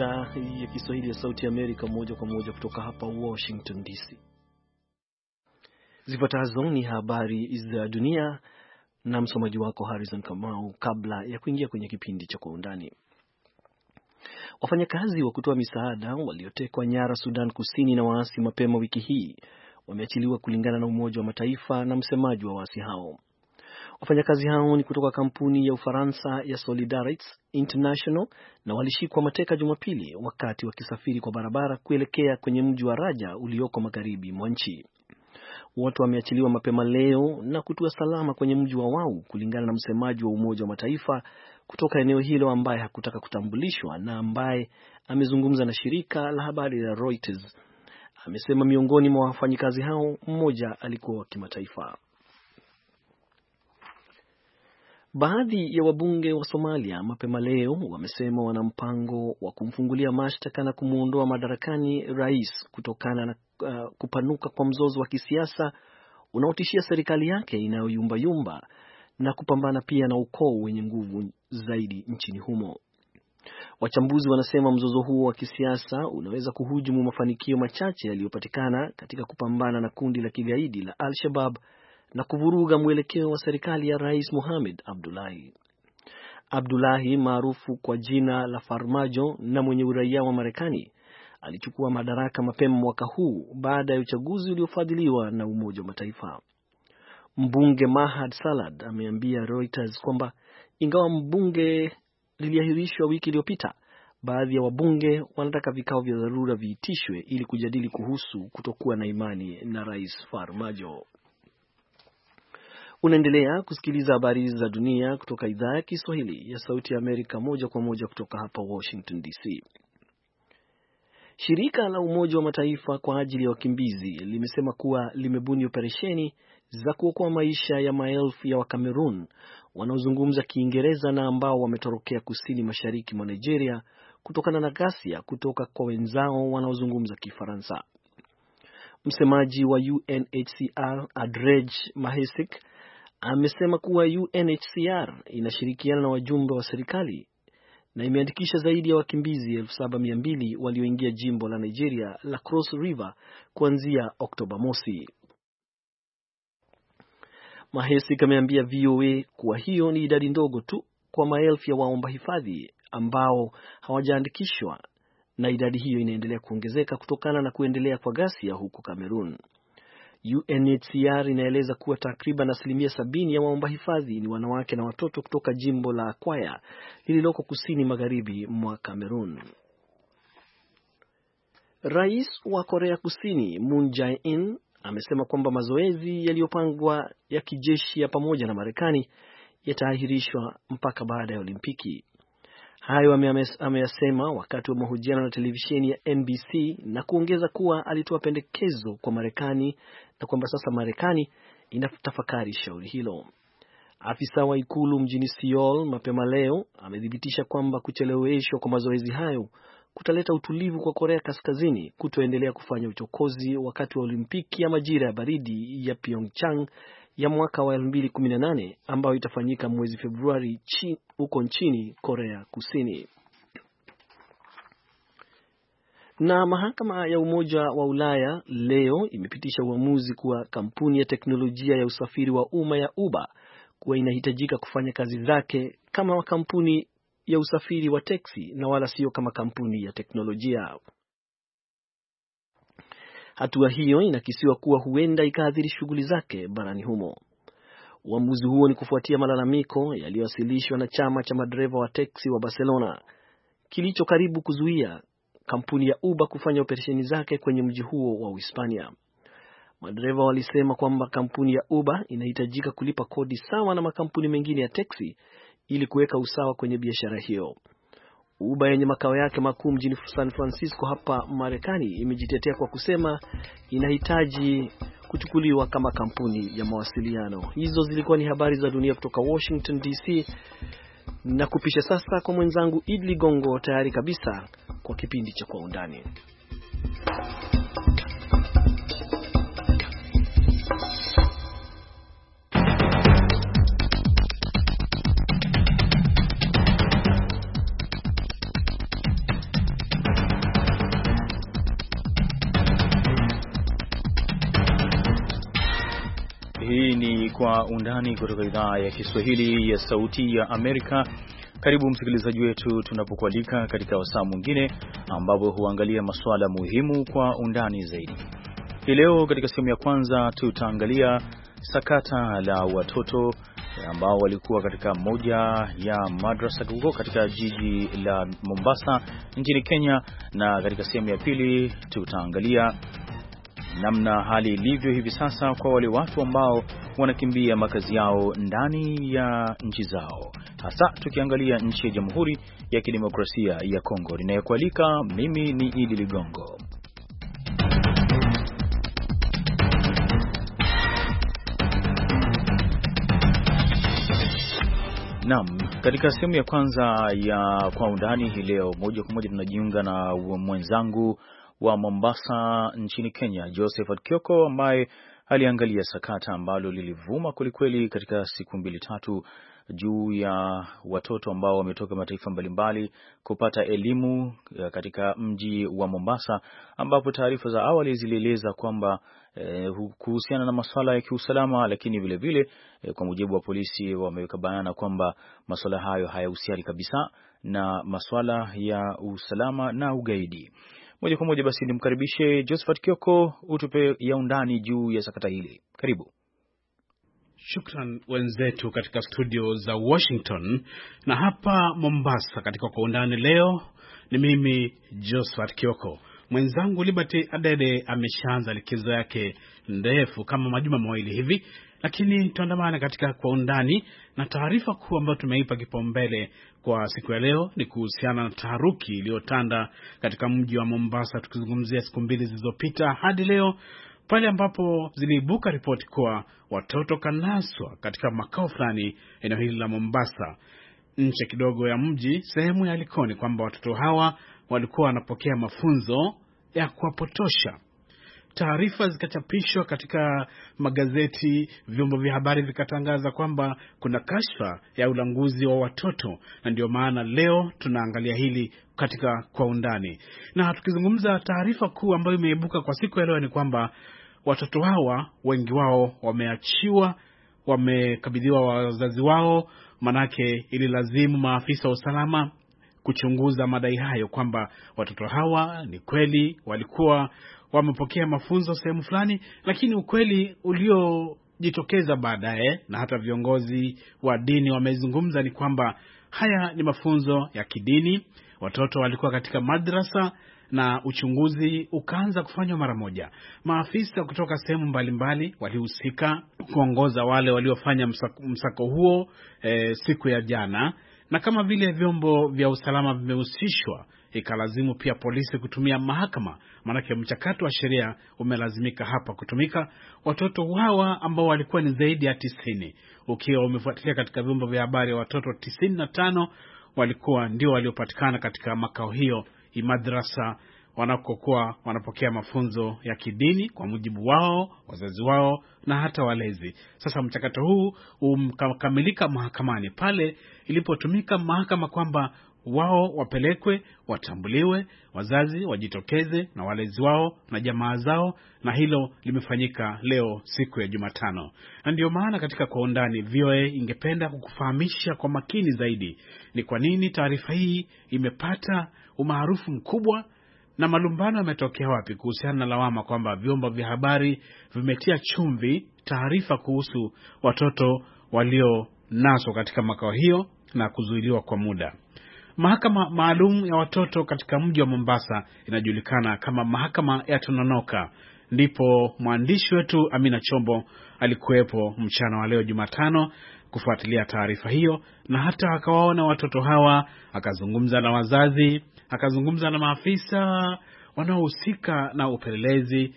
idhaa ya Kiswahili ya Sauti Amerika moja kwa moja kutoka hapa Washington DC. Zifuatazo ni habari za dunia na msomaji wako Harrison Kamau, kabla ya kuingia kwenye kipindi cha Kwa Undani. Wafanyakazi wa kutoa misaada waliotekwa nyara Sudan Kusini na waasi mapema wiki hii wameachiliwa kulingana na Umoja wa Mataifa na msemaji wa waasi hao. Wafanyakazi hao ni kutoka kampuni ya Ufaransa ya Solidarites International na walishikwa mateka Jumapili wakati wakisafiri kwa barabara kuelekea kwenye mji wa Raja ulioko magharibi mwa nchi. Wote wameachiliwa mapema leo na kutua salama kwenye mji wa Wau, kulingana na msemaji wa Umoja wa Mataifa kutoka eneo hilo ambaye hakutaka kutambulishwa na ambaye amezungumza na shirika la habari la Reuters. Amesema miongoni mwa wafanyikazi hao mmoja alikuwa wa kimataifa. Baadhi ya wabunge wa Somalia mapema leo wamesema wana mpango wa kumfungulia mashtaka na kumwondoa madarakani rais kutokana na uh, kupanuka kwa mzozo wa kisiasa unaotishia serikali yake inayoyumbayumba na kupambana pia na ukoo wenye nguvu zaidi nchini humo. Wachambuzi wanasema mzozo huo wa kisiasa unaweza kuhujumu mafanikio machache yaliyopatikana katika kupambana na kundi la kigaidi la Al-Shabab na kuvuruga mwelekeo wa serikali ya Rais Mohamed Abdullahi. Abdullahi maarufu kwa jina la Farmajo na mwenye uraia wa Marekani alichukua madaraka mapema mwaka huu baada ya uchaguzi uliofadhiliwa na Umoja wa Mataifa. Mbunge Mahad Salad ameambia Reuters kwamba ingawa mbunge liliahirishwa wiki iliyopita, baadhi ya wabunge wanataka vikao vya dharura viitishwe ili kujadili kuhusu kutokuwa na imani na Rais Farmajo. Unaendelea kusikiliza habari za dunia kutoka idhaa ya Kiswahili ya Sauti ya Amerika, moja kwa moja kutoka hapa Washington DC. Shirika la Umoja wa Mataifa kwa ajili ya wakimbizi limesema kuwa limebuni operesheni za kuokoa maisha ya maelfu ya Wakamerun wanaozungumza Kiingereza na ambao wametorokea kusini mashariki mwa Nigeria kutokana na ghasia kutoka kwa wenzao wanaozungumza Kifaransa. Msemaji wa UNHCR Adrej Mahesik amesema kuwa UNHCR inashirikiana na wajumbe wa serikali na imeandikisha zaidi ya wakimbizi 7200 walioingia jimbo la Nigeria la Cross River kuanzia Oktoba mosi. Mahesi kameambia VOA kuwa hiyo ni idadi ndogo tu kwa maelfu ya waomba hifadhi ambao hawajaandikishwa na idadi hiyo inaendelea kuongezeka kutokana na kuendelea kwa ghasia huko Cameroon. UNHCR inaeleza kuwa takriban asilimia sabini ya waomba hifadhi ni wanawake na watoto kutoka jimbo la Akwaya lililoko kusini magharibi mwa Cameroon. Rais wa Korea Kusini Moon Jae-in amesema kwamba mazoezi yaliyopangwa ya kijeshi ya pamoja na Marekani yataahirishwa mpaka baada ya Olimpiki. Hayo ameyasema wakati wa mahojiano na televisheni ya NBC na kuongeza kuwa alitoa pendekezo kwa Marekani na kwamba sasa Marekani inatafakari shauri hilo. Afisa wa ikulu mjini Seoul mapema leo amethibitisha kwamba kucheleweshwa kwa mazoezi hayo kutaleta utulivu kwa Korea Kaskazini kutoendelea kufanya uchokozi wakati wa Olimpiki ya majira ya baridi ya Pyeongchang ya mwaka wa 2018 ambayo itafanyika mwezi Februari huko nchini Korea Kusini. Na mahakama ya Umoja wa Ulaya leo imepitisha uamuzi kuwa kampuni ya teknolojia ya usafiri wa umma ya Uber kuwa inahitajika kufanya kazi zake kama kampuni ya usafiri wa teksi na wala sio kama kampuni ya teknolojia. Hatua hiyo inakisiwa kuwa huenda ikaathiri shughuli zake barani humo. Uamuzi huo ni kufuatia malalamiko yaliyowasilishwa na chama cha madereva wa teksi wa Barcelona kilicho karibu kuzuia kampuni ya Uber kufanya operesheni zake kwenye mji huo wa Uhispania. Madereva walisema kwamba kampuni ya Uber inahitajika kulipa kodi sawa na makampuni mengine ya teksi ili kuweka usawa kwenye biashara hiyo. Uber yenye makao yake makuu mjini San Francisco hapa Marekani imejitetea kwa kusema inahitaji kuchukuliwa kama kampuni ya mawasiliano. Hizo zilikuwa ni habari za dunia kutoka Washington DC, na kupisha sasa kwa mwenzangu Idli Gongo, tayari kabisa kwa kipindi cha Kwa Undani. undani kutoka idhaa ya Kiswahili ya Sauti ya Amerika. Karibu msikilizaji wetu tunapokualika katika wasaa mwingine ambapo huangalia masuala muhimu kwa undani zaidi. Hii leo katika sehemu ya kwanza tutaangalia sakata la watoto ambao walikuwa katika moja ya madrasa huko katika jiji la Mombasa nchini Kenya, na katika sehemu ya pili tutaangalia namna hali ilivyo hivi sasa kwa wale watu ambao wanakimbia makazi yao ndani ya nchi zao, hasa tukiangalia nchi ya Jamhuri ya Kidemokrasia ya Kongo. Ninayekualika mimi ni Idi Ligongo. Naam, katika sehemu ya kwanza ya kwa undani hii leo, moja kwa moja tunajiunga na mwenzangu wa Mombasa nchini Kenya, Josephat Kioko, ambaye aliangalia sakata ambalo lilivuma kwelikweli katika siku mbili tatu juu ya watoto ambao wametoka mataifa mbalimbali kupata elimu eh, katika mji wa Mombasa, ambapo taarifa za awali zilieleza kwamba eh, kuhusiana na masuala ya kiusalama, lakini vilevile eh, kwa mujibu wa polisi wameweka bayana kwamba masuala hayo hayahusiani kabisa na masuala ya usalama na ugaidi. Moja kwa moja basi nimkaribishe Josephat Kioko, utupe ya undani juu ya sakata hili. Karibu. Shukran wenzetu katika studio za Washington na hapa Mombasa. Katika kwa undani leo ni mimi Josephat Kioko. Mwenzangu Liberty Adede ameshaanza likizo yake ndefu kama majuma mawili hivi, lakini tuandamane katika kwa undani na taarifa kuu ambayo tumeipa kipaumbele kwa siku ya leo ni kuhusiana na taharuki iliyotanda katika mji wa Mombasa, tukizungumzia siku mbili zilizopita hadi leo pale ambapo ziliibuka ripoti kuwa watoto kanaswa katika makao fulani eneo hili la Mombasa, nche kidogo ya mji, sehemu ya Likoni, kwamba watoto hawa walikuwa wanapokea mafunzo ya kuwapotosha taarifa zikachapishwa katika magazeti, vyombo vya habari vikatangaza kwamba kuna kashfa ya ulanguzi wa watoto, na ndio maana leo tunaangalia hili katika kwa undani. Na tukizungumza, taarifa kuu ambayo imeibuka kwa siku ya leo ni kwamba watoto hawa wengi wao wameachiwa, wamekabidhiwa wazazi wao, manake ililazimu maafisa wa usalama kuchunguza madai hayo kwamba watoto hawa ni kweli walikuwa wamepokea mafunzo sehemu fulani, lakini ukweli uliojitokeza baadaye na hata viongozi wa dini wamezungumza ni kwamba haya ni mafunzo ya kidini. Watoto walikuwa katika madrasa na uchunguzi ukaanza kufanywa mara moja. Maafisa kutoka sehemu mbalimbali walihusika kuongoza wale waliofanya msako, msako huo e, siku ya jana, na kama vile vyombo vya usalama vimehusishwa ikalazimu pia polisi kutumia mahakama, maanake mchakato wa sheria umelazimika hapa kutumika. Watoto hawa ambao walikuwa ni zaidi ya tisini, ukiwa umefuatilia katika vyombo vya habari, watoto tisini na tano walikuwa ndio waliopatikana katika makao hiyo imadrasa wanakokuwa wanapokea mafunzo ya kidini kwa mujibu wao, wazazi wao na hata walezi. Sasa mchakato huu umkamilika mahakamani pale ilipotumika mahakama kwamba wao wapelekwe, watambuliwe, wazazi wajitokeze na walezi wao na jamaa zao, na hilo limefanyika leo siku ya Jumatano. Na ndiyo maana katika Kwa Undani, VOA ingependa kukufahamisha kwa makini zaidi ni kwa nini taarifa hii imepata umaarufu mkubwa na malumbano yametokea wapi kuhusiana na lawama kwamba vyombo vya habari vimetia chumvi taarifa kuhusu watoto walionaswa katika makao hiyo na kuzuiliwa kwa muda. Mahakama maalum ya watoto katika mji wa Mombasa inajulikana kama mahakama ya Tononoka. Ndipo mwandishi wetu Amina Chombo alikuwepo mchana wa leo Jumatano kufuatilia taarifa hiyo, na hata akawaona watoto hawa, akazungumza na wazazi, akazungumza na maafisa wanaohusika na upelelezi,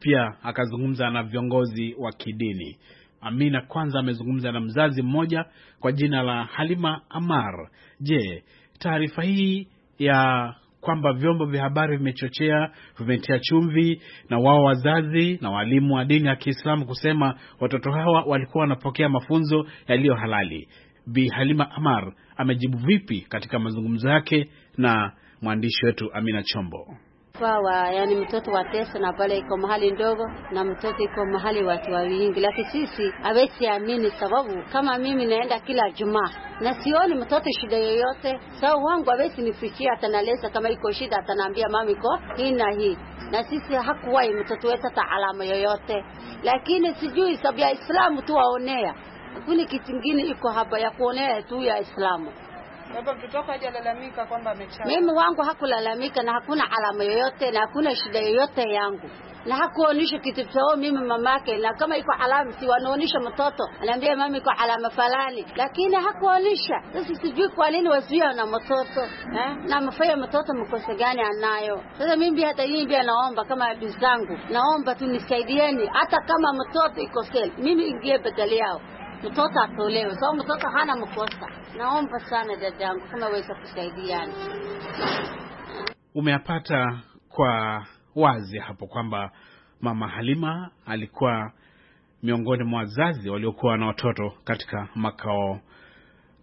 pia akazungumza na viongozi wa kidini. Amina kwanza amezungumza na mzazi mmoja kwa jina la Halima Amar. Je, taarifa hii ya kwamba vyombo vya habari vimechochea, vimetia chumvi na wao wazazi na waalimu wa dini ya Kiislamu kusema watoto hawa walikuwa wanapokea mafunzo yaliyo halali. Bi Halima Amar amejibu vipi katika mazungumzo yake na mwandishi wetu Amina Chombo? Wawa, yani mtoto wa teso na pale iko mahali ndogo na mtoto iko mahali watu wawingi, lakini sisi hawezi amini, sababu kama mimi naenda kila Jumaa na sioni mtoto shida yoyote. Sawa wangu hawezi nifikia, atanaleza kama iko shida, atanaambia mami ko hii na hii, na sisi hakuwahi mtoto wetu hata alama yoyote, lakini sijui sababu ya Islamu tu waonea, kuna kitu kingine iko hapa ya kuonea tu ya Islamu. Baba mtoto wako hajalalamika kwamba amechapa? Mimi wangu hakulalamika na hakuna alama yoyote na hakuna shida yoyote yangu na hakuonyesha kitu chao mimi mamake, na kama iko alama si wanaonyesha mtoto, anaambia mami iko alama fulani, lakini hakuonyesha. Sasa sijui kwa nini wazuia na mtoto eh, na mfaya mtoto mkosa gani anayo? Sasa mimi hata yeye pia naomba kama bizangu, naomba tu nisaidieni, hata kama mtoto iko sel, mimi ingie badali yao mtoto atolewe, sababu mtoto hana mkosa. Naomba sana dadangu, kama weza kusaidiana. Umeyapata kwa wazi hapo kwamba Mama Halima alikuwa miongoni mwa wazazi waliokuwa na watoto katika makao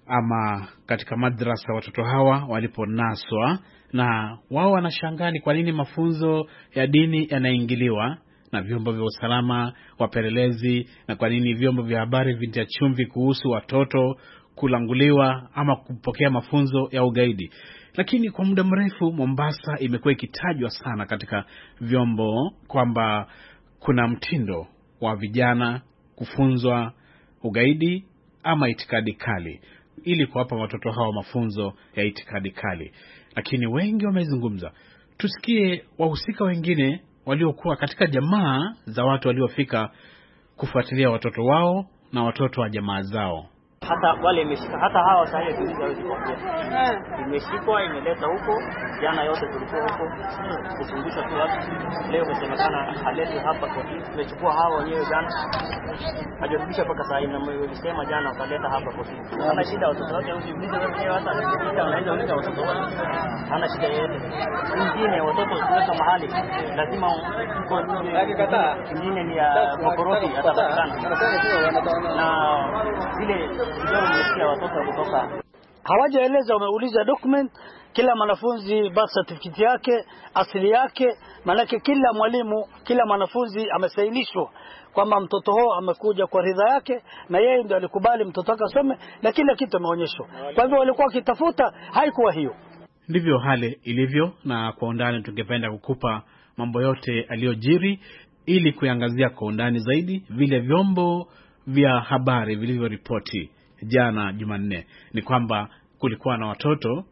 ama katika madrasa. Watoto hawa waliponaswa, na wao wanashangaa ni kwa nini mafunzo ya dini yanaingiliwa na vyombo vya usalama, wapelelezi, na kwa nini vyombo vya habari vintia chumvi kuhusu watoto kulanguliwa ama kupokea mafunzo ya ugaidi. Lakini kwa muda mrefu Mombasa imekuwa ikitajwa sana katika vyombo kwamba kuna mtindo wa vijana kufunzwa ugaidi ama itikadi kali ili kuwapa watoto hawa mafunzo ya itikadi kali. Lakini wengi wamezungumza, tusikie wahusika wengine waliokuwa katika jamaa za watu waliofika kufuatilia watoto wao na watoto wa jamaa zao hata wale imeshika, hata hawa sasa hivi tulizo hawezi kuongea, imeshikwa imeleta huko. Jana yote tulikuwa huko kufundisha tu watu, leo imesemekana haleti hapa kwa hii. tumechukua hawa wenyewe jana, hajarudisha mpaka saa hii, na walisema jana wakaleta hapa kwa hii. Hana shida watoto wake, usiulize wewe mwenyewe, hata shida unaweza uliza watoto wake, hana shida yoyote. Wengine watoto kuweka mahali lazima kwa kataa, ni ya makorofi atapatikana na zile Hawajaeleza, wameuliza document kila mwanafunzi birth certificate yake, asili yake, maanake kila mwalimu, kila mwanafunzi amesainishwa kwamba mtoto huo amekuja kwa ridha yake na yeye ndio alikubali mtoto akasome na kila kitu ameonyeshwa. Kwa hivyo walikuwa wakitafuta, haikuwa hiyo. Ndivyo hali ilivyo, na kwa undani tungependa kukupa mambo yote aliyojiri ili kuiangazia kwa undani zaidi vile vyombo vya habari vilivyoripoti jana Jumanne ni kwamba kulikuwa na watoto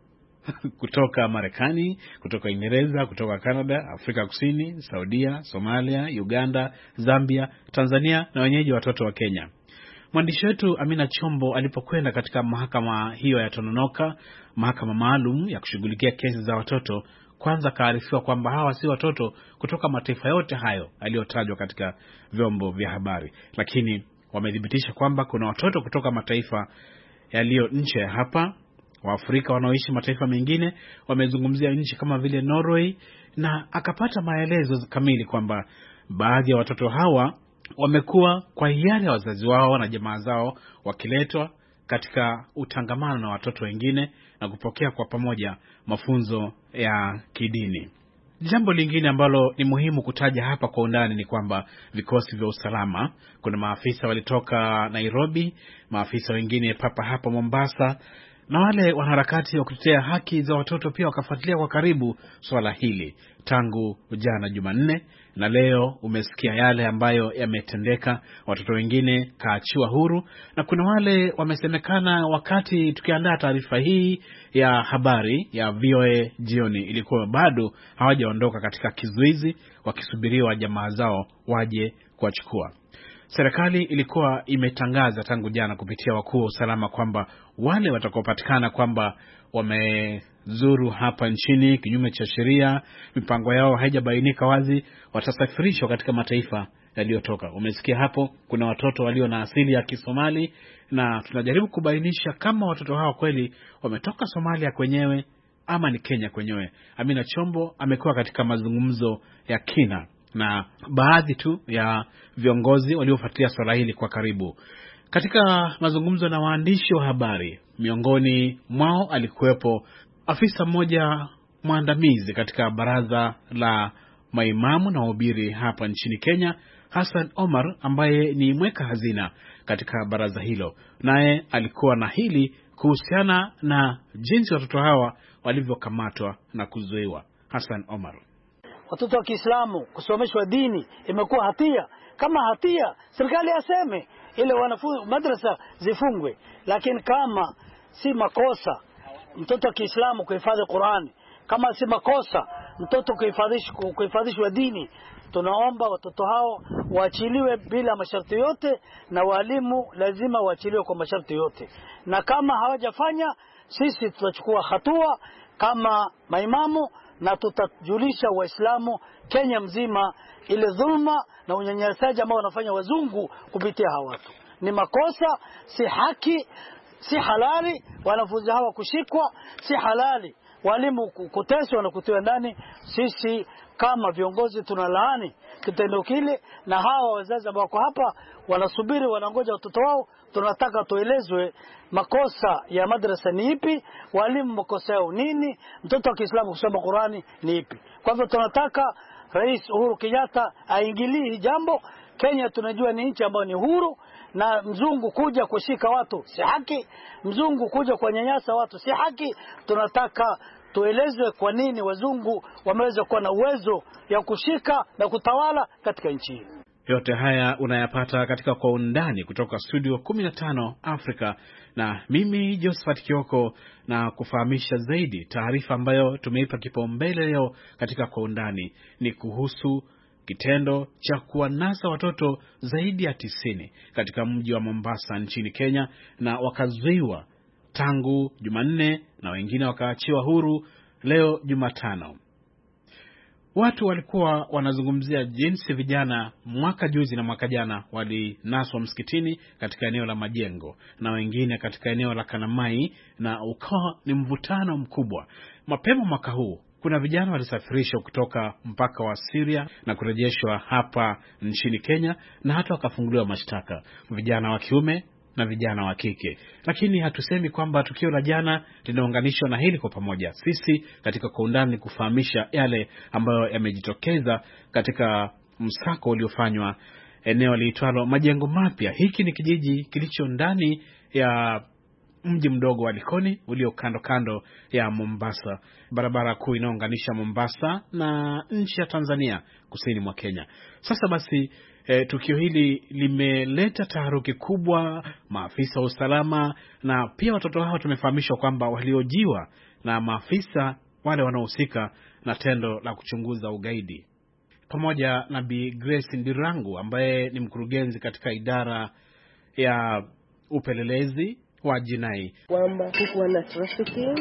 kutoka Marekani, kutoka Uingereza, kutoka Canada, Afrika Kusini, Saudia, Somalia, Uganda, Zambia, Tanzania na wenyeji watoto wa Kenya. Mwandishi wetu Amina Chombo alipokwenda katika mahakama hiyo ya Tononoka, mahakama maalum ya kushughulikia kesi za watoto, kwanza akaarifiwa kwamba hawa si watoto kutoka mataifa yote hayo aliyotajwa katika vyombo vya habari, lakini wamethibitisha kwamba kuna watoto kutoka mataifa yaliyo nje ya hapa, Waafrika wanaoishi mataifa mengine. Wamezungumzia nchi kama vile Norway, na akapata maelezo kamili kwamba baadhi ya watoto hawa wamekuwa kwa hiari ya wazazi wao na jamaa zao wakiletwa katika utangamano na watoto wengine na kupokea kwa pamoja mafunzo ya kidini. Jambo lingine ambalo ni muhimu kutaja hapa kwa undani ni kwamba vikosi vya usalama, kuna maafisa walitoka Nairobi, maafisa wengine papa hapa Mombasa, na wale wanaharakati wa kutetea haki za watoto pia wakafuatilia kwa karibu swala hili tangu jana Jumanne, na leo umesikia yale ambayo yametendeka. Watoto wengine kaachiwa huru, na kuna wale wamesemekana. Wakati tukiandaa taarifa hii ya habari ya VOA jioni, ilikuwa bado hawajaondoka katika kizuizi, wakisubiriwa jamaa zao waje kuwachukua. Serikali ilikuwa imetangaza tangu jana kupitia wakuu wa usalama kwamba wale watakaopatikana kwamba wamezuru hapa nchini kinyume cha sheria, mipango yao haijabainika wazi, watasafirishwa katika mataifa yaliyotoka. Umesikia hapo, kuna watoto walio na asili ya Kisomali na tunajaribu kubainisha kama watoto hawa kweli wametoka Somalia kwenyewe ama ni Kenya kwenyewe. Amina Chombo amekuwa katika mazungumzo ya kina na baadhi tu ya viongozi waliofuatilia swala hili kwa karibu. Katika mazungumzo na waandishi wa habari, miongoni mwao alikuwepo afisa mmoja mwandamizi katika baraza la maimamu na wahubiri hapa nchini Kenya, Hassan Omar, ambaye ni mweka hazina katika baraza hilo. Naye alikuwa na hili kuhusiana na jinsi watoto hawa walivyokamatwa na kuzuiwa. Hassan Omar watoto wa Kiislamu kusomeshwa dini imekuwa hatia. Kama hatia, serikali aseme ile wanafunzi madrasa zifungwe, lakini kama si makosa mtoto wa Kiislamu kuhifadhi Qur'ani, kama si makosa mtoto kuhifadhishwa dini, tunaomba watoto hao waachiliwe bila masharti yote, na walimu lazima waachiliwe kwa masharti yote, na kama hawajafanya sisi tutachukua hatua kama maimamu na tutajulisha Waislamu Kenya mzima ile dhulma na unyanyasaji ambao wanafanya wazungu kupitia hawa watu. Ni makosa, si haki, si halali wanafunzi hawa kushikwa, si halali walimu kuteswa na kutiwa ndani. Sisi kama viongozi tunalaani kitendo kile, na hawa wazazi ambao wako hapa wanasubiri, wanangoja watoto wao tunataka tuelezwe makosa ya madrasa ni ipi, walimu makosao nini, mtoto wa Kiislamu kusoma Qurani ni ipi. Kwa hivyo tunataka Rais Uhuru Kenyatta aingilie jambo. Kenya tunajua ni nchi ambayo ni huru, na mzungu kuja kushika watu si haki, mzungu kuja kuwanyanyasa watu si haki. Tunataka tuelezwe kwa nini wazungu wameweza kuwa na uwezo ya kushika na kutawala katika nchi hii. Yote haya unayapata katika Kwa Undani kutoka studio 15 Afrika na mimi Josephat Kioko, na kufahamisha zaidi taarifa ambayo tumeipa kipaumbele leo katika Kwa Undani ni kuhusu kitendo cha kuwanasa watoto zaidi ya tisini katika mji wa Mombasa nchini Kenya, na wakazuiwa tangu Jumanne na wengine wakaachiwa huru leo Jumatano. Watu walikuwa wanazungumzia jinsi vijana mwaka juzi na mwaka jana walinaswa msikitini katika eneo la Majengo na wengine katika eneo la Kanamai, na ukawa ni mvutano mkubwa. Mapema mwaka huu kuna vijana walisafirishwa kutoka mpaka wa Syria na kurejeshwa hapa nchini Kenya na hata wakafunguliwa mashtaka. Vijana wa kiume na vijana wa kike, lakini hatusemi kwamba tukio la jana linaunganishwa na hili kwa pamoja. Sisi katika Kwa Undani kufahamisha yale ambayo yamejitokeza katika msako uliofanywa eneo liitwalo Majengo Mapya. Hiki ni kijiji kilicho ndani ya mji mdogo wa Likoni ulio kando kando ya Mombasa, barabara kuu inayounganisha Mombasa na nchi ya Tanzania, kusini mwa Kenya. Sasa basi E, tukio hili limeleta taharuki kubwa, maafisa wa usalama na pia watoto hawa tumefahamishwa kwamba waliojiwa na maafisa wale wanaohusika na tendo la kuchunguza ugaidi, pamoja na Bi Grace Ndirangu ambaye ni mkurugenzi katika idara ya upelelezi wa jinai kwamba kukuwa na trafficking,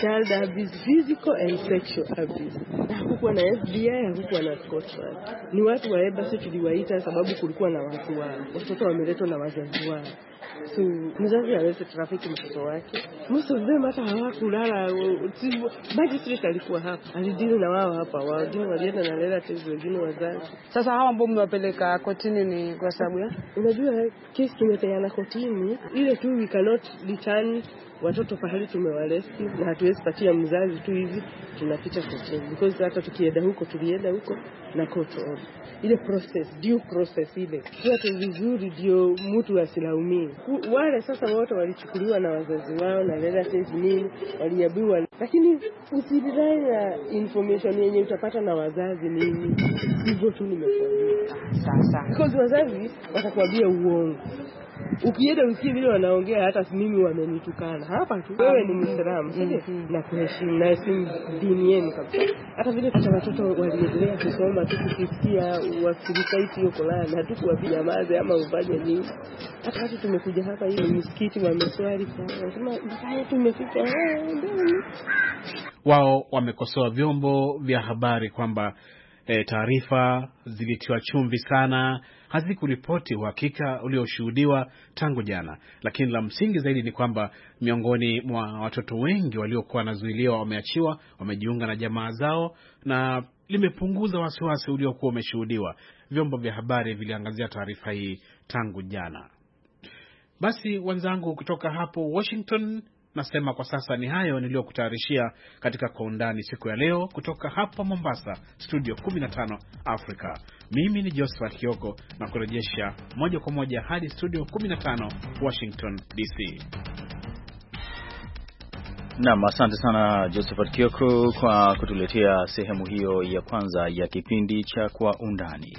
child abuse, physical and sexual abuse. Hakukuwa na FBI, hakukuwa na Scotland. Ni watu wa EBASO tuliwaita sababu kulikuwa na watu wao, watoto wameletwa na wazazi wao. So mzazi aweze trafiki mtoto wake, most of them hata hawakulala. Magistrate alikuwa hapa, alidili na wao hapa, wengine walienda na lela tezi, wengine wazazi. Sasa hawa ambao mmewapeleka kotini ni kwa sababu ya, unajua kesi tumepeana kotini ile tu cannot return watoto pahali tumewalesi, na hatuwezi patia mzazi tu hivi tunapita kote, because hata tukienda huko tulienda huko na koto ile process, due process ile yote vizuri, ndio mtu asilaumii. Wale sasa wote walichukuliwa na wazazi wao na relatives nini, waliambiwa, lakini usirilai na information yenye utapata na wazazi nini. Hivyo tu nimekuambia ah, sasa, because wazazi watakwambia uongo ukienda usikie vile wanaongea, hata mimi wamenitukana hapa tu. Wewe ni Muislamu, sasa mm-hmm. na kuheshimu na heshimu dini yenu kabisa. Hata vile kuna watoto waliendelea kusoma tu kusikia wasilikaiti hiyo Qur'an, hatukuwapia ama ufanye nini. Hata watu tumekuja hapa hii misikiti wameswali sana, nasema mbaya tumefika eh, wao wamekosoa vyombo vya habari kwamba e, taarifa zilitiwa chumvi sana, hazikuripoti uhakika ulioshuhudiwa tangu jana. Lakini la msingi zaidi ni kwamba miongoni mwa watoto wengi waliokuwa wanazuiliwa wameachiwa, wamejiunga na jamaa zao na limepunguza wasiwasi uliokuwa umeshuhudiwa. Vyombo vya habari viliangazia taarifa hii tangu jana. Basi wenzangu, kutoka hapo Washington, Nasema kwa sasa ni hayo niliyokutayarishia katika Kwa Undani siku ya leo, kutoka hapa Mombasa, studio 15 Africa. Mimi ni Joseph Kioko na kurejesha moja kwa moja hadi studio 15 Washington DC. Nam, asante sana Josephat Kioko kwa kutuletea sehemu hiyo ya kwanza ya kipindi cha Kwa Undani.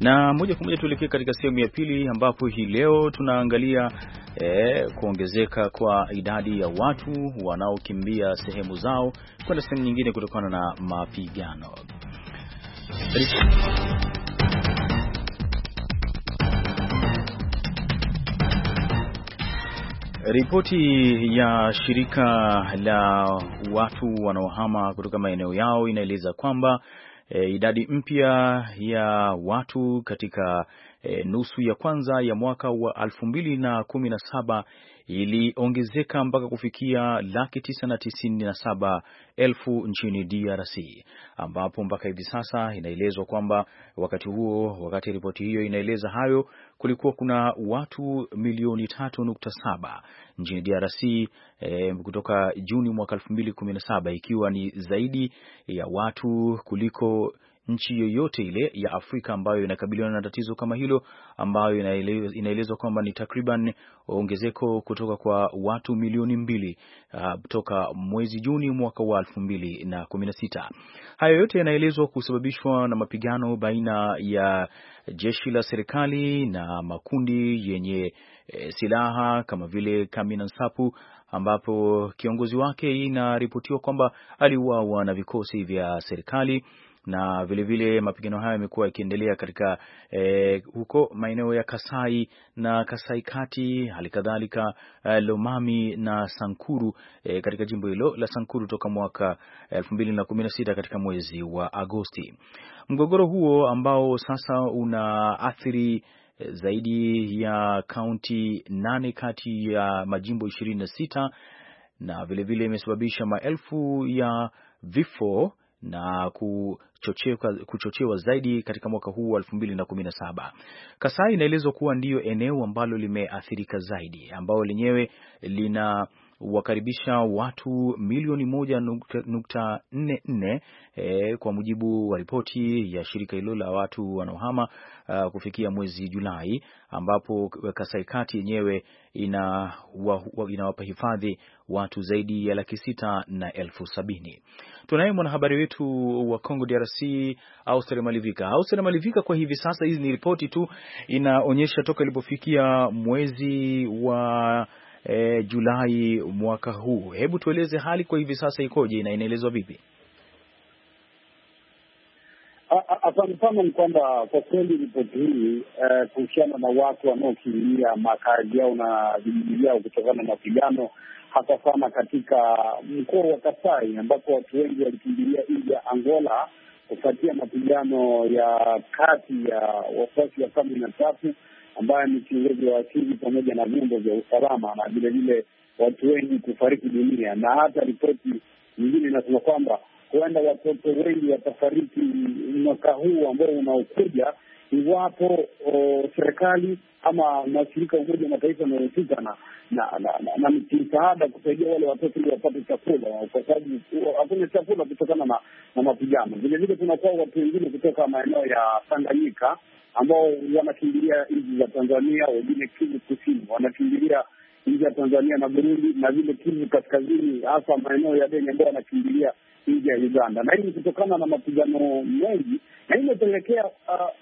Na moja kwa moja tuelekee katika sehemu ya pili ambapo hii leo tunaangalia eh, kuongezeka kwa idadi ya watu wanaokimbia sehemu zao kwenda sehemu nyingine kutokana na mapigano. Ripoti ya shirika la watu wanaohama kutoka maeneo yao inaeleza kwamba e, idadi mpya ya watu katika e, nusu ya kwanza ya mwaka wa elfu mbili na kumi na saba iliongezeka mpaka kufikia laki tisa na tisini na saba elfu nchini DRC, ambapo mpaka hivi sasa inaelezwa kwamba wakati huo, wakati ripoti hiyo inaeleza hayo, kulikuwa kuna watu milioni tatu nukta saba nchini DRC e, eh, kutoka Juni mwaka elfu mbili kumi na saba ikiwa ni zaidi ya watu kuliko nchi yoyote ile ya Afrika ambayo inakabiliwa na tatizo kama hilo, ambayo inaelezwa kwamba ni takriban ongezeko kutoka kwa watu milioni mbili uh, toka mwezi Juni mwaka wa elfu mbili na kumi na sita. Hayo yote yanaelezwa kusababishwa na mapigano baina ya jeshi la serikali na makundi yenye e, silaha kama vile Kamina Nsapu ambapo kiongozi wake inaripotiwa kwamba aliuawa na vikosi vya serikali na vilevile mapigano hayo yamekuwa yakiendelea katika e, huko maeneo ya Kasai na Kasai Kati, hali kadhalika e, Lomami na Sankuru e, katika jimbo hilo la Sankuru toka mwaka 2016 katika mwezi wa Agosti. Mgogoro huo ambao sasa una athiri zaidi ya kaunti nane kati ya majimbo ishirini na sita na vilevile imesababisha maelfu ya vifo na kuchochewa, kuchochewa zaidi katika mwaka huu wa 2017. Kasai inaelezwa kuwa ndiyo eneo ambalo limeathirika zaidi, ambao lenyewe lina wakaribisha watu milioni moja nukta, nukta nne nne e, kwa mujibu wa ripoti ya shirika hilo la watu wanaohama uh, kufikia mwezi Julai, ambapo kasaikati yenyewe inawapa ina hifadhi watu zaidi ya laki sita na elfu sabini. Tunaye mwanahabari wetu wa Congo DRC Auster Malivika. Auster Malivika, kwa hivi sasa hizi ni ripoti tu, inaonyesha toka ilipofikia mwezi wa e, Julai mwaka huu. Hebu tueleze hali kwa hivi sasa ikoje na inaelezwa vipi? Asante sana. Ni kwamba kwa kweli ripoti hii eh, kuhusiana na watu wanaokimbia makazi yao na vijiji vyao kutokana na mapigano, hasa sana katika mkoa wa Kasai ambapo watu wengi walikimbilia nji ya Angola kufuatia mapigano ya kati ya wafuasi wa kumi na tatu ambayo ni kiongozi wa asili pamoja na vyombo vya usalama na vilevile watu wengi kufariki dunia, na hata ripoti nyingine inasema kwamba huenda watoto wengi watafariki mwaka huu ambao unaokuja iwapo serikali ama mashirika ya Umoja wa Mataifa yanayohusika na na msaada kusaidia wale watoto ili wapate chakula, kwa sababu hakuna chakula kutokana na na mapigano. Vilevile tunakuwa watu wengine kutoka maeneo ya Tanganyika ambao wanakimbilia nchi za Tanzania, wengine Kivu Kusini wanakimbilia nchi ya Tanzania na Burundi, na vile Kivu Kaskazini, hasa maeneo ya Beni ambao wanakimbilia nje ya Uganda, na hii ni kutokana na mapigano mengi, na imepelekea uh,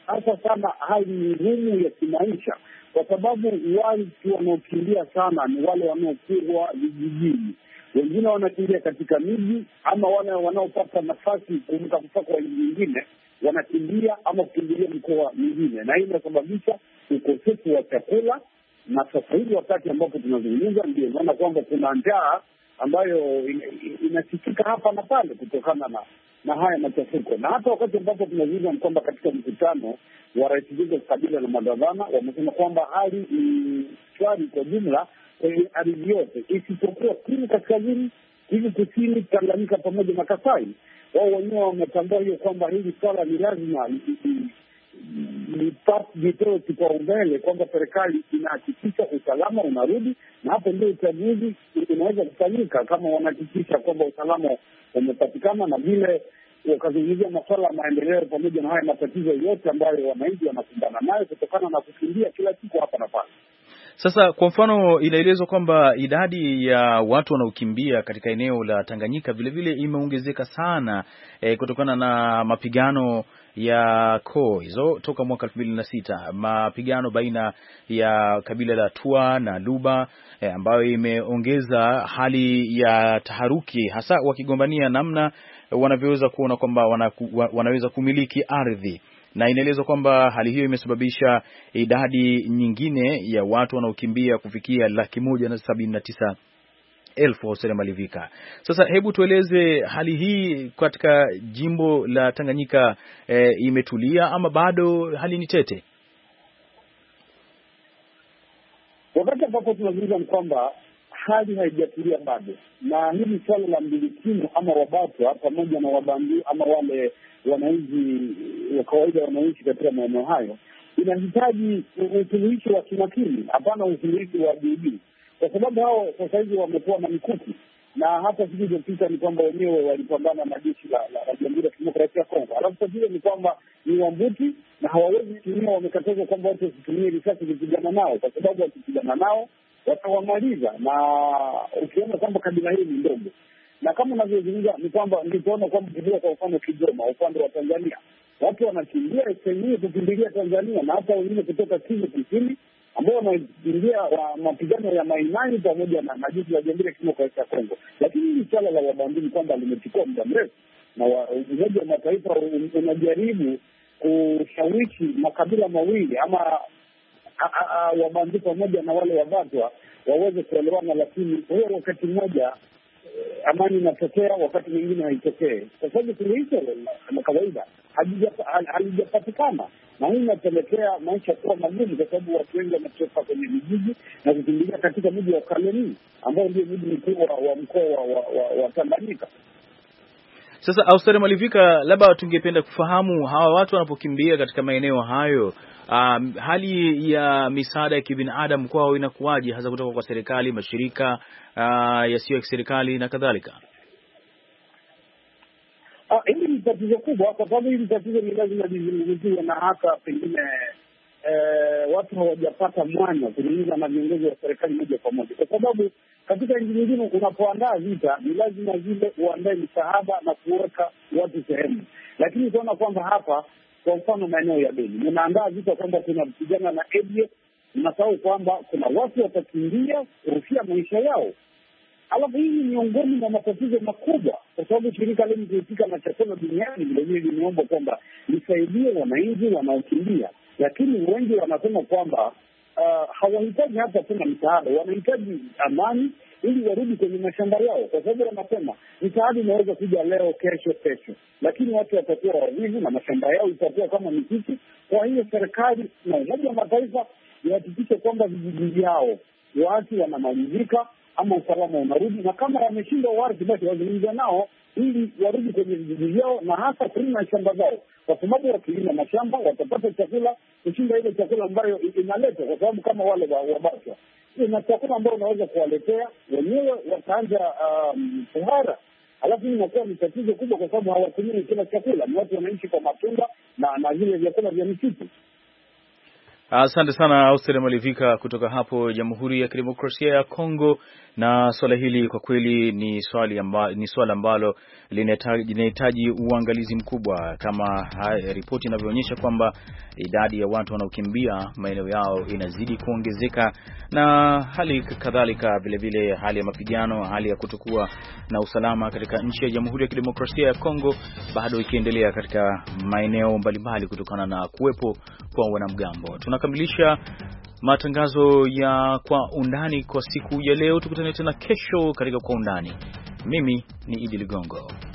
hasa uh, sana hali ngumu ya kimaisha, kwa sababu watu wanaokimbia sana ni wale wanaopigwa vijijini wengine wanakimbia katika miji ama wale wanaopata nafasi kuvuka mpaka wa nchi nyingine wanakimbia ama kukimbilia mikoa mingine, na hii inasababisha ukosefu wa chakula. Na sasa hivi wakati ambapo tunazungumza, ndio naona kwamba kuna njaa ambayo inasikika hapa na pale kutokana na na haya machafuko. Na hata wakati ambapo tunazungumza ni kwamba katika mkutano wa rais Joseph Kabila na magavana wamesema kwamba hali ni shwari kwa jumla kwenye ardhi yote isipokuwa Kivu Kaskazini, Kivu Kusini, Tanganyika pamoja na Kasai. Wao wenyewe wametambua hiyo kwamba hili swala ni lazima vipewe kipaumbele kwamba serikali inahakikisha usalama unarudi, na hapo ndio uchaguzi unaweza kufanyika, kama wanahakikisha kwamba usalama umepatikana na vile wakazungumzia masuala ya maendeleo pamoja na haya matatizo yote ambayo wananchi wanakumbana nayo kutokana na kukimbia kila siku hapa na pale. Sasa kwa mfano, inaelezwa kwamba idadi ya watu wanaokimbia katika eneo la Tanganyika vilevile imeongezeka sana e, kutokana na mapigano ya koo hizo toka mwaka elfu mbili na sita, mapigano baina ya kabila la Tua na Luba e, ambayo imeongeza hali ya taharuki, hasa wakigombania namna wanavyoweza kuona kwamba wana, wanaweza kumiliki ardhi na inaelezwa kwamba hali hiyo imesababisha idadi nyingine ya watu wanaokimbia kufikia laki moja na sabini na tisa elfu Hosele Malivika. Sasa hebu tueleze hali hii katika jimbo la Tanganyika e, imetulia ama bado hali ni tete? Wakati ambapo tunazungumza ni kwamba hali haijatulia bado, na hili swala la mbilikimo ama Wabatwa pamoja na Wabandu ama wale wananchi wa kawaida wanaishi katika maeneo hayo, inahitaji usuluhishi wa kimakini, hapana usuluhishi wa juujuu, kwa sababu hao sasa hivi wamekuwa na mikuki na hata siku iliyopita ni kwamba wenyewe walipambana na jeshi la Jamhuri ya Kidemokrasia ya Kongo. Alafu tatizo ni kwamba ni wambuti na hawawezi tumia wamekatazwa kwamba watu wasitumie risasi kupigana nao, kwa sababu wakipigana nao watawamaliza. Na ukiona kwamba kabila hili ni ndogo, na kama unavyozungumza ni kwamba nilipoona kwamba kujua kwa mfano Kigoma, upande wa Tanzania, watu wanakimbia sehemu kukimbilia Tanzania na hata wengine kutoka Kivu Kusini ambao wanaingia mapigano ya mainani pamoja na majeshi ya Jamhuri ya Kidemokrasia ya Kongo. Lakini hili swala la wabandini kwamba limechukua muda mrefu na Umoja wa Mataifa unajaribu kushawishi makabila mawili ama wabandi pamoja na wale wabatwa waweze kuelewana, lakini huo wakati mmoja amani inatokea, wakati mwingine haitokee, kwa sababu suluhisho kama kawaida halijapatikana, na hii inapelekea maisha kuwa magumu, kwa sababu watu wengi wametoka kwenye mijiji na kukimbilia katika mji wa kaleni ambao ndio mji mkuu wa mkoa wa Tanganyika. Sasa Auster Malivika, labda tungependa kufahamu hawa watu wanapokimbia katika maeneo hayo, um, hali ya misaada ya kibinadamu kwao inakuwaje, hasa kutoka kwa serikali, mashirika uh, yasiyo ya kiserikali na kadhalika? Ah, hili ni tatizo kubwa, kwa sababu hili tatizo ni lazima lizungumziwe, na hata pengine Eh, watu hawajapata mwanya kuzungumza na viongozi wa serikali moja kwa moja, kwa sababu katika nchi nyingine unapoandaa vita ni lazima vile uandae msaada na kuweka watu sehemu, lakini utaona kwamba hapa, kwa mfano, maeneo ya Beni munaandaa vita kwamba kuna vijana na ADF, mnasahau kwamba kuna watu watakimbia kurufia maisha yao. Alafu hii ni miongoni mwa matatizo makubwa, kwa sababu shirika lenye kuhusika na chakula duniani vilevile limeomba kwamba lisaidie wananchi wanaokimbia lakini wengi wanasema kwamba uh, hawahitaji hata tena msaada, wanahitaji amani ili warudi kwenye mashamba yao, kwa sababu wanasema msaada unaweza kuja leo, kesho, kesho, lakini watu watakuwa wavivu na mashamba yao itakuwa kama misitu. Kwa hiyo serikali na Umoja wa Mataifa ihakikishe kwamba vijiji vyao watu wanamalizika ama usalama unarudi, na kama wameshindwa wazi, basi wazungumza nao ili warudi kwenye vijiji vyao na hasa kulima shamba zao, kwa sababu wakilima mashamba watapata chakula kushinda ile chakula ambayo inaletwa, kwa sababu kama wale Wabasha na chakula ambayo unaweza kuwaletea wenyewe, wataanja um, alafu hii inakuwa ni tatizo kubwa, kwa sababu hawatumii kila chakula. Ni watu wanaishi kwa matunda na na vile vyakula vya misitu. Asante sana Auster Malivika kutoka hapo Jamhuri ya Kidemokrasia ya Kongo. Na swala hili kwa kweli ni swali amba, ni swala ambalo linahitaji uangalizi mkubwa, kama ripoti inavyoonyesha kwamba idadi ya watu wanaokimbia maeneo yao inazidi kuongezeka, na hali kadhalika vilevile hali ya mapigano, hali ya kutokuwa na usalama katika nchi ya Jamhuri ya Kidemokrasia ya Kongo bado ikiendelea katika maeneo mbalimbali kutokana na kuwepo kwa wanamgambo Tuna tunakamilisha matangazo ya kwa undani kwa siku ya leo. Tukutane tena kesho katika kwa undani. Mimi ni Idi Ligongo.